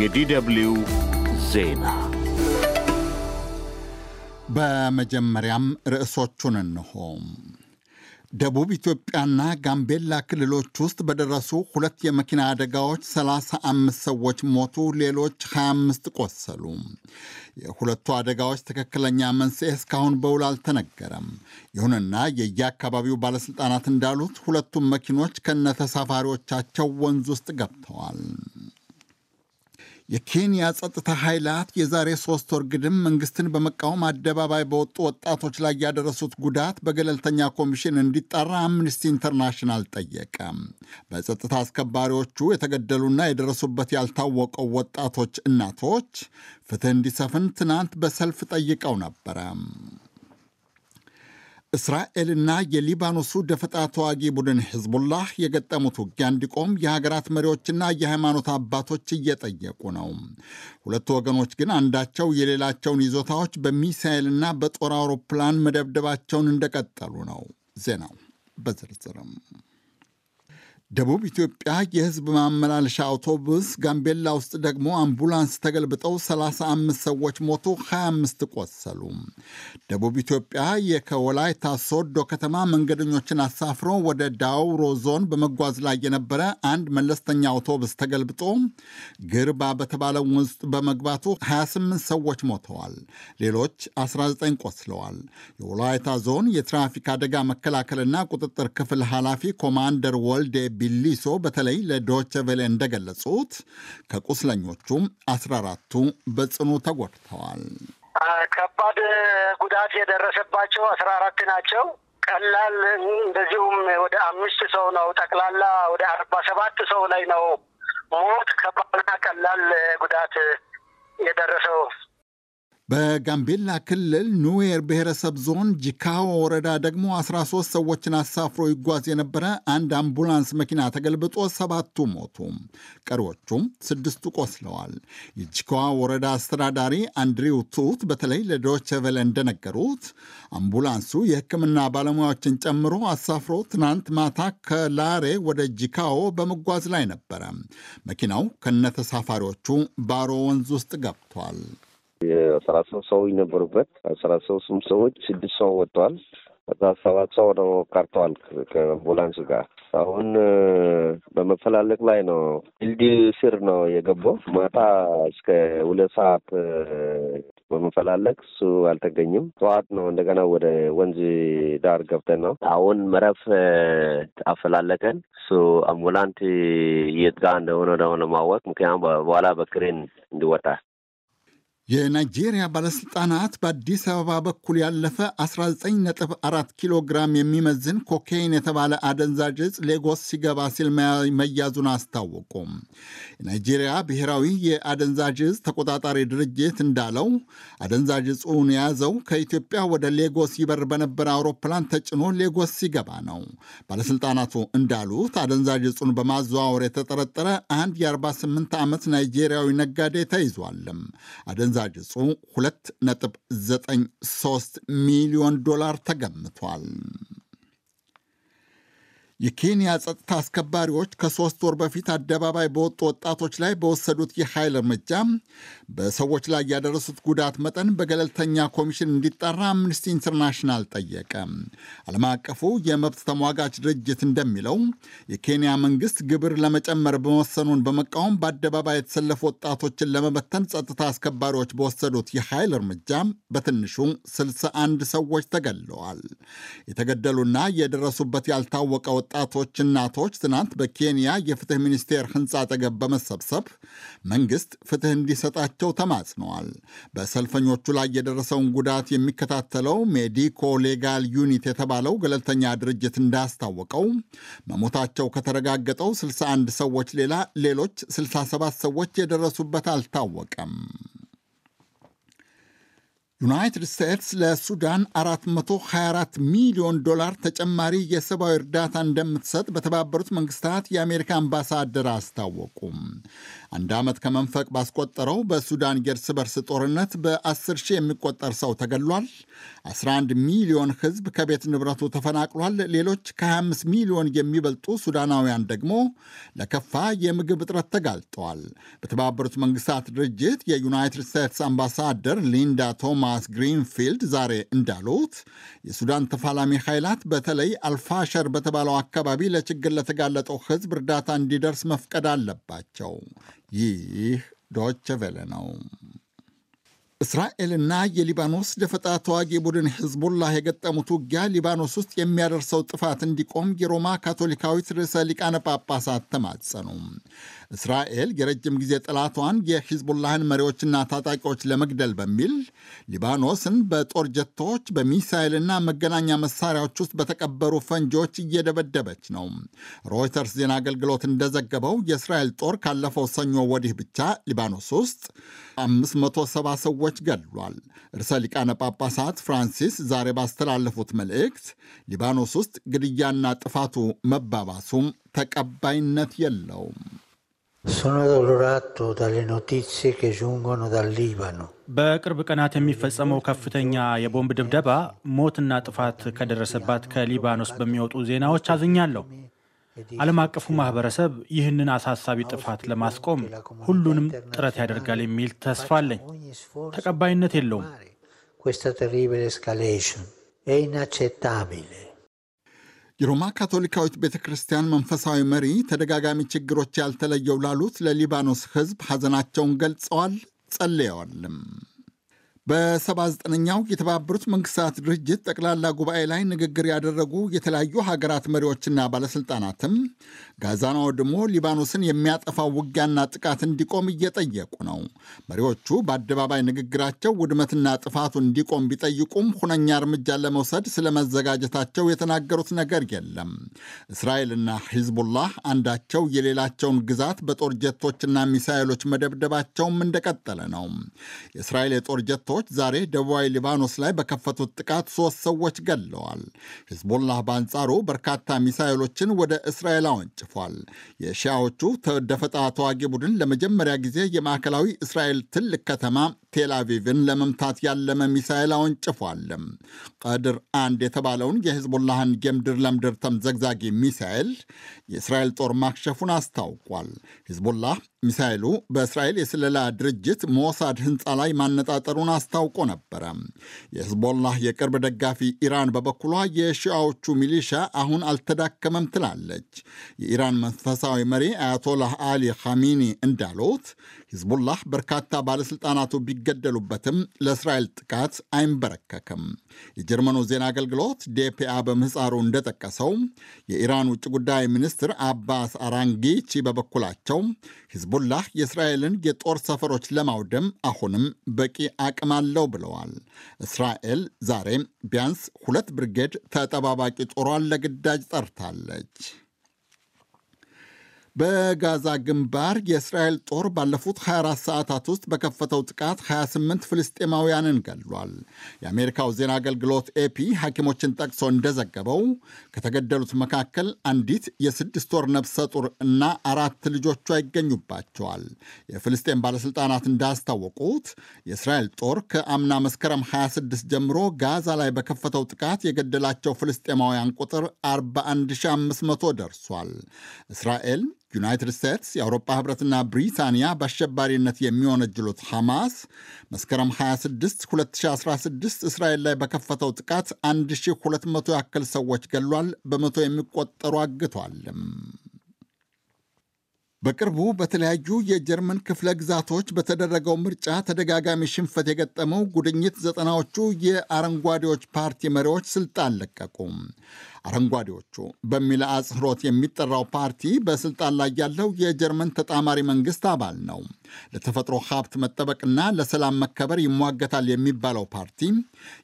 የዲደብሊው ዜና በመጀመሪያም ርዕሶቹን እንሆ። ደቡብ ኢትዮጵያና ጋምቤላ ክልሎች ውስጥ በደረሱ ሁለት የመኪና አደጋዎች 35 ሰዎች ሞቱ፣ ሌሎች 25 ቆሰሉ። የሁለቱ አደጋዎች ትክክለኛ መንስኤ እስካሁን በውል አልተነገረም። ይሁንና የየአካባቢው ባለሥልጣናት እንዳሉት ሁለቱም መኪኖች ከነተሳፋሪዎቻቸው ወንዝ ውስጥ ገብተዋል። የኬንያ ጸጥታ ኃይላት የዛሬ ሶስት ወር ግድም መንግስትን በመቃወም አደባባይ በወጡ ወጣቶች ላይ ያደረሱት ጉዳት በገለልተኛ ኮሚሽን እንዲጣራ አምነስቲ ኢንተርናሽናል ጠየቀ። በጸጥታ አስከባሪዎቹ የተገደሉና የደረሱበት ያልታወቀው ወጣቶች እናቶች ፍትህ እንዲሰፍን ትናንት በሰልፍ ጠይቀው ነበረ። እስራኤልና የሊባኖሱ ደፈጣ ተዋጊ ቡድን ሕዝቡላህ የገጠሙት ውጊያ እንዲቆም የሀገራት መሪዎችና የሃይማኖት አባቶች እየጠየቁ ነው። ሁለቱ ወገኖች ግን አንዳቸው የሌላቸውን ይዞታዎች በሚሳኤልና በጦር አውሮፕላን መደብደባቸውን እንደቀጠሉ ነው። ዜናው በዝርዝርም ደቡብ ኢትዮጵያ የህዝብ ማመላለሻ አውቶቡስ፣ ጋምቤላ ውስጥ ደግሞ አምቡላንስ ተገልብጠው 35 ሰዎች ሞቱ፣ 25 ቆሰሉ። ደቡብ ኢትዮጵያ የከወላይታ ሶዶ ከተማ መንገደኞችን አሳፍሮ ወደ ዳውሮ ዞን በመጓዝ ላይ የነበረ አንድ መለስተኛ አውቶቡስ ተገልብጦ ግርባ በተባለ ውስጥ በመግባቱ 28 ሰዎች ሞተዋል፣ ሌሎች 19 ቆስለዋል። የወላይታ ዞን የትራፊክ አደጋ መከላከልና ቁጥጥር ክፍል ኃላፊ ኮማንደር ወልዴ ቢሊሶ በተለይ ለዶቸ ቬለ እንደገለጹት ከቁስለኞቹም 14ቱ በጽኑ ተጎድተዋል። ከባድ ጉዳት የደረሰባቸው አስራ አራት ናቸው። ቀላል እንደዚሁም ወደ አምስት ሰው ነው። ጠቅላላ ወደ አርባ ሰባት ሰው ላይ ነው ሞት ከባድና ቀላል ጉዳት የደረሰው። በጋምቤላ ክልል ኑዌር ብሔረሰብ ዞን ጂካዎ ወረዳ ደግሞ 13 ሰዎችን አሳፍሮ ይጓዝ የነበረ አንድ አምቡላንስ መኪና ተገልብጦ ሰባቱ ሞቱ፣ ቀሪዎቹም ስድስቱ ቆስለዋል። የጂካዋ ወረዳ አስተዳዳሪ አንድሪው ቱት በተለይ ለዶቼ ቬለ እንደነገሩት አምቡላንሱ የሕክምና ባለሙያዎችን ጨምሮ አሳፍሮ ትናንት ማታ ከላሬ ወደ ጂካዎ በመጓዝ ላይ ነበረ። መኪናው ከነተሳፋሪዎቹ ባሮ ወንዝ ውስጥ ገብቷል። የአስራ ሶስት ሰው ነበሩበት። አስራ ሶስቱም ሰዎች ስድስት ሰው ወጥተዋል። ከዛ ሰባት ሰው ነው ቀርተዋል ከአምቡላንስ ጋር አሁን በመፈላለግ ላይ ነው። ድልድይ ስር ነው የገባው። ማታ እስከ ሁለት ሰዓት በመፈላለግ እሱ አልተገኝም። ጠዋት ነው እንደገና ወደ ወንዝ ዳር ገብተን ነው አሁን መረፍ አፈላለቀን። እሱ አምቡላንት የት እንደሆነ ደሆነ ማወቅ ምክንያቱም በኋላ በክሬን እንዲወጣ የናይጄሪያ ባለሥልጣናት በአዲስ አበባ በኩል ያለፈ 19.4 ኪሎ ግራም የሚመዝን ኮካይን የተባለ አደንዛዥ ዕጽ ሌጎስ ሲገባ ሲል መያዙን አስታወቁም። የናይጄሪያ ብሔራዊ የአደንዛዥ ዕጽ ተቆጣጣሪ ድርጅት እንዳለው አደንዛዥ ዕጹን የያዘው ከኢትዮጵያ ወደ ሌጎስ ይበር በነበረ አውሮፕላን ተጭኖ ሌጎስ ሲገባ ነው። ባለሥልጣናቱ እንዳሉት አደንዛዥ ዕጹን በማዘዋወር የተጠረጠረ አንድ የ48 ዓመት ናይጄሪያዊ ነጋዴ ተይዟልም። የገንዛጭ እጹ 2.93 ሚሊዮን ዶላር ተገምቷል። የኬንያ ጸጥታ አስከባሪዎች ከሦስት ወር በፊት አደባባይ በወጡ ወጣቶች ላይ በወሰዱት የኃይል እርምጃ በሰዎች ላይ ያደረሱት ጉዳት መጠን በገለልተኛ ኮሚሽን እንዲጠራ አምነስቲ ኢንተርናሽናል ጠየቀ። ዓለም አቀፉ የመብት ተሟጋች ድርጅት እንደሚለው የኬንያ መንግስት ግብር ለመጨመር በመወሰኑን በመቃወም በአደባባይ የተሰለፉ ወጣቶችን ለመበተን ጸጥታ አስከባሪዎች በወሰዱት የኃይል እርምጃ በትንሹ 61 ሰዎች ተገድለዋል። የተገደሉና የደረሱበት ያልታወቀ ወጣቶች እናቶች ትናንት በኬንያ የፍትህ ሚኒስቴር ህንፃ አጠገብ በመሰብሰብ መንግስት ፍትህ እንዲሰጣቸው እንዲኖራቸው ተማጽነዋል። በሰልፈኞቹ ላይ የደረሰውን ጉዳት የሚከታተለው ሜዲኮ ሌጋል ዩኒት የተባለው ገለልተኛ ድርጅት እንዳስታወቀው መሞታቸው ከተረጋገጠው 61 ሰዎች ሌላ ሌሎች 67 ሰዎች የደረሱበት አልታወቀም። ዩናይትድ ስቴትስ ለሱዳን 424 ሚሊዮን ዶላር ተጨማሪ የሰብአዊ እርዳታ እንደምትሰጥ በተባበሩት መንግስታት የአሜሪካ አምባሳደር አስታወቁ። አንድ ዓመት ከመንፈቅ ባስቆጠረው በሱዳን የእርስ በርስ ጦርነት በ10 ሺህ የሚቆጠር ሰው ተገድሏል። 11 ሚሊዮን ሕዝብ ከቤት ንብረቱ ተፈናቅሏል። ሌሎች ከ25 ሚሊዮን የሚበልጡ ሱዳናውያን ደግሞ ለከፋ የምግብ እጥረት ተጋልጠዋል። በተባበሩት መንግስታት ድርጅት የዩናይትድ ስቴትስ አምባሳደር ሊንዳ ቶማስ ግሪንፊልድ ዛሬ እንዳሉት የሱዳን ተፋላሚ ኃይላት በተለይ አልፋሸር በተባለው አካባቢ ለችግር ለተጋለጠው ሕዝብ እርዳታ እንዲደርስ መፍቀድ አለባቸው። ይህ ዶቸ ቬለ ነው። እስራኤልና የሊባኖስ ደፈጣ ተዋጊ ቡድን ህዝቡላህ የገጠሙት ውጊያ ሊባኖስ ውስጥ የሚያደርሰው ጥፋት እንዲቆም የሮማ ካቶሊካዊት ርዕሰ ሊቃነ ጳጳሳት ተማጸኑ። እስራኤል የረጅም ጊዜ ጠላቷን የሂዝቡላህን መሪዎችና ታጣቂዎች ለመግደል በሚል ሊባኖስን በጦር ጀቶች በሚሳይልና መገናኛ መሳሪያዎች ውስጥ በተቀበሩ ፈንጂዎች እየደበደበች ነው። ሮይተርስ ዜና አገልግሎት እንደዘገበው የእስራኤል ጦር ካለፈው ሰኞ ወዲህ ብቻ ሊባኖስ ውስጥ 570 ሰዎች ገድሏል። እርሰ ሊቃነ ጳጳሳት ፍራንሲስ ዛሬ ባስተላለፉት መልእክት ሊባኖስ ውስጥ ግድያና ጥፋቱ መባባሱም ተቀባይነት የለውም። Sono dalle notizie che giungono dal Libano. በቅርብ ቀናት የሚፈጸመው ከፍተኛ የቦምብ ድብደባ ሞትና ጥፋት ከደረሰባት ከሊባኖስ በሚወጡ ዜናዎች አዝኛለሁ። ዓለም አቀፉ ማህበረሰብ ይህንን አሳሳቢ ጥፋት ለማስቆም ሁሉንም ጥረት ያደርጋል የሚል ተስፋ አለኝ። ተቀባይነት የለውም። questa terribile escalation è inaccettabile. የሮማ ካቶሊካዊት ቤተ ክርስቲያን መንፈሳዊ መሪ ተደጋጋሚ ችግሮች ያልተለየው ላሉት ለሊባኖስ ሕዝብ ሐዘናቸውን ገልጸዋል፣ ጸልየዋልም። በ79ኛው የተባበሩት መንግስታት ድርጅት ጠቅላላ ጉባኤ ላይ ንግግር ያደረጉ የተለያዩ ሀገራት መሪዎችና ባለስልጣናትም ጋዛን አውድሞ ሊባኖስን የሚያጠፋው ውጊያና ጥቃት እንዲቆም እየጠየቁ ነው። መሪዎቹ በአደባባይ ንግግራቸው ውድመትና ጥፋቱ እንዲቆም ቢጠይቁም ሁነኛ እርምጃ ለመውሰድ ስለመዘጋጀታቸው የተናገሩት ነገር የለም። እስራኤልና ሂዝቡላህ አንዳቸው የሌላቸውን ግዛት በጦር ጀቶችና ሚሳይሎች መደብደባቸውም እንደቀጠለ ነው። የእስራኤል የጦር ጀቶች ታጣቂዎች ዛሬ ደቡባዊ ሊባኖስ ላይ በከፈቱት ጥቃት ሦስት ሰዎች ገለዋል። ሂዝቦላህ በአንጻሩ በርካታ ሚሳይሎችን ወደ እስራኤል አወንጭፏል። የሺያዎቹ ደፈጣ ተዋጊ ቡድን ለመጀመሪያ ጊዜ የማዕከላዊ እስራኤል ትልቅ ከተማ ቴል ለመምታት ያለመ ሚሳይል አወንጭፏል። ቀድር አንድ የተባለውን የሂዝቦላህን የምድር ለምድር ተምዘግዛጊ ሚሳይል የእስራኤል ጦር ማክሸፉን አስታውቋል። ሂዝቦላህ ሚሳይሉ በእስራኤል የስለላ ድርጅት ሞሳድ ህንፃ ላይ ማነጣጠሩን አስታውቆ ነበረ። የህዝቦላህ የቅርብ ደጋፊ ኢራን በበኩሏ የሺአዎቹ ሚሊሻ አሁን አልተዳከመም ትላለች። የኢራን መንፈሳዊ መሪ አያቶላህ አሊ ኻሚኒ እንዳሉት ሂዝቡላህ በርካታ ባለሥልጣናቱ ቢገደሉበትም ለእስራኤል ጥቃት አይንበረከክም። የጀርመኑ ዜና አገልግሎት ዴፒአ በምህፃሩ እንደጠቀሰው የኢራን ውጭ ጉዳይ ሚኒስትር አባስ አራንጊቺ በበኩላቸው ሂዝቡላህ የእስራኤልን የጦር ሰፈሮች ለማውደም አሁንም በቂ አቅም አለው ብለዋል። እስራኤል ዛሬ ቢያንስ ሁለት ብርጌድ ተጠባባቂ ጦሯን ለግዳጅ ጠርታለች። በጋዛ ግንባር የእስራኤል ጦር ባለፉት 24 ሰዓታት ውስጥ በከፈተው ጥቃት 28 ፍልስጤማውያንን ገድሏል። የአሜሪካው ዜና አገልግሎት ኤፒ ሐኪሞችን ጠቅሶ እንደዘገበው ከተገደሉት መካከል አንዲት የስድስት ወር ነፍሰ ጡር እና አራት ልጆቿ ይገኙባቸዋል። የፍልስጤም ባለሥልጣናት እንዳስታወቁት የእስራኤል ጦር ከአምና መስከረም 26 ጀምሮ ጋዛ ላይ በከፈተው ጥቃት የገደላቸው ፍልስጤማውያን ቁጥር 41500 ደርሷል። እስራኤል ዩናይትድ ስቴትስ የአውሮፓ ህብረትና ብሪታንያ በአሸባሪነት የሚወነጅሉት ሐማስ መስከረም 26 2016 እስራኤል ላይ በከፈተው ጥቃት 1200 ያክል ሰዎች ገሏል፣ በመቶ የሚቆጠሩ አግቷልም። በቅርቡ በተለያዩ የጀርመን ክፍለ ግዛቶች በተደረገው ምርጫ ተደጋጋሚ ሽንፈት የገጠመው ጉድኝት ዘጠናዎቹ የአረንጓዴዎች ፓርቲ መሪዎች ስልጣን ለቀቁ። አረንጓዴዎቹ በሚል አጽህሮት የሚጠራው ፓርቲ በስልጣን ላይ ያለው የጀርመን ተጣማሪ መንግስት አባል ነው። ለተፈጥሮ ሀብት መጠበቅና ለሰላም መከበር ይሟገታል የሚባለው ፓርቲ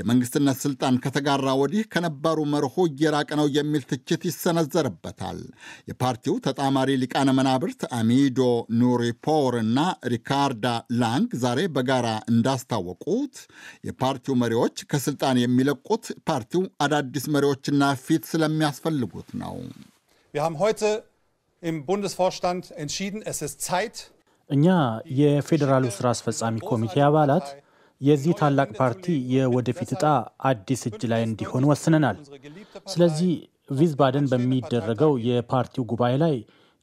የመንግስትነት ስልጣን ከተጋራ ወዲህ ከነባሩ መርሆ እየራቀ ነው የሚል ትችት ይሰነዘርበታል። የፓርቲው ተጣማሪ ሊቃነ መናብርት አሚዶ ኑሪፖር እና ሪካርዳ ላንግ ዛሬ በጋራ እንዳስታወቁት የፓርቲው መሪዎች ከስልጣን የሚለቁት ፓርቲው አዳዲስ መሪዎችና ፊት ውይይት ስለሚያስፈልጉት ነው። እኛ የፌዴራሉ ስራ አስፈጻሚ ኮሚቴ አባላት የዚህ ታላቅ ፓርቲ የወደፊት ዕጣ አዲስ እጅ ላይ እንዲሆን ወስነናል። ስለዚህ ቪዝባደን በሚደረገው የፓርቲው ጉባኤ ላይ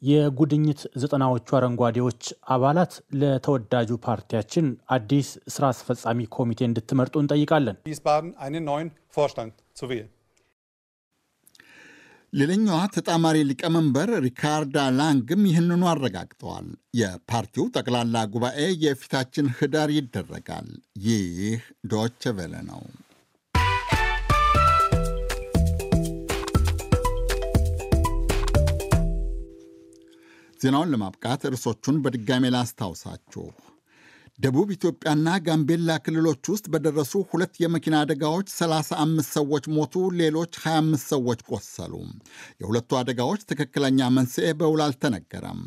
የጉድኝት ዘጠናዎቹ አረንጓዴዎች አባላት ለተወዳጁ ፓርቲያችን አዲስ ስራ አስፈጻሚ ኮሚቴ እንድትመርጡ እንጠይቃለን። ቪዝባደን ሌላኛዋ ተጣማሪ ሊቀመንበር ሪካርዳ ላንግም ይህንኑ አረጋግጠዋል። የፓርቲው ጠቅላላ ጉባኤ የፊታችን ህዳር ይደረጋል። ይህ ዶይቼ ቬለ ነው። ዜናውን ለማብቃት ርዕሶቹን በድጋሜ ላስታውሳችሁ። ደቡብ ኢትዮጵያና ጋምቤላ ክልሎች ውስጥ በደረሱ ሁለት የመኪና አደጋዎች 35 ሰዎች ሞቱ፣ ሌሎች 25 ሰዎች ቆሰሉ። የሁለቱ አደጋዎች ትክክለኛ መንስኤ በውል አልተነገረም።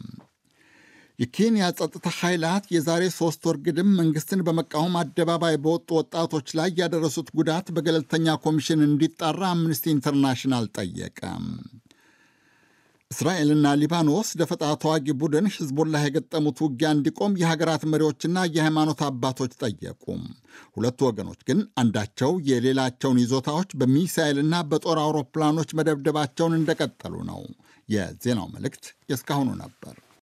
የኬንያ ጸጥታ ኃይላት የዛሬ ሦስት ወር ግድም መንግሥትን በመቃወም አደባባይ በወጡ ወጣቶች ላይ ያደረሱት ጉዳት በገለልተኛ ኮሚሽን እንዲጣራ አምነስቲ ኢንተርናሽናል ጠየቀ። እስራኤልና ሊባኖስ ደፈጣ ተዋጊ ቡድን ሂዝቡላህ የገጠሙት ውጊያ እንዲቆም የሀገራት መሪዎችና የሃይማኖት አባቶች ጠየቁ። ሁለቱ ወገኖች ግን አንዳቸው የሌላቸውን ይዞታዎች በሚሳኤልና በጦር አውሮፕላኖች መደብደባቸውን እንደቀጠሉ ነው። የዜናው መልእክት የእስካሁኑ ነበር።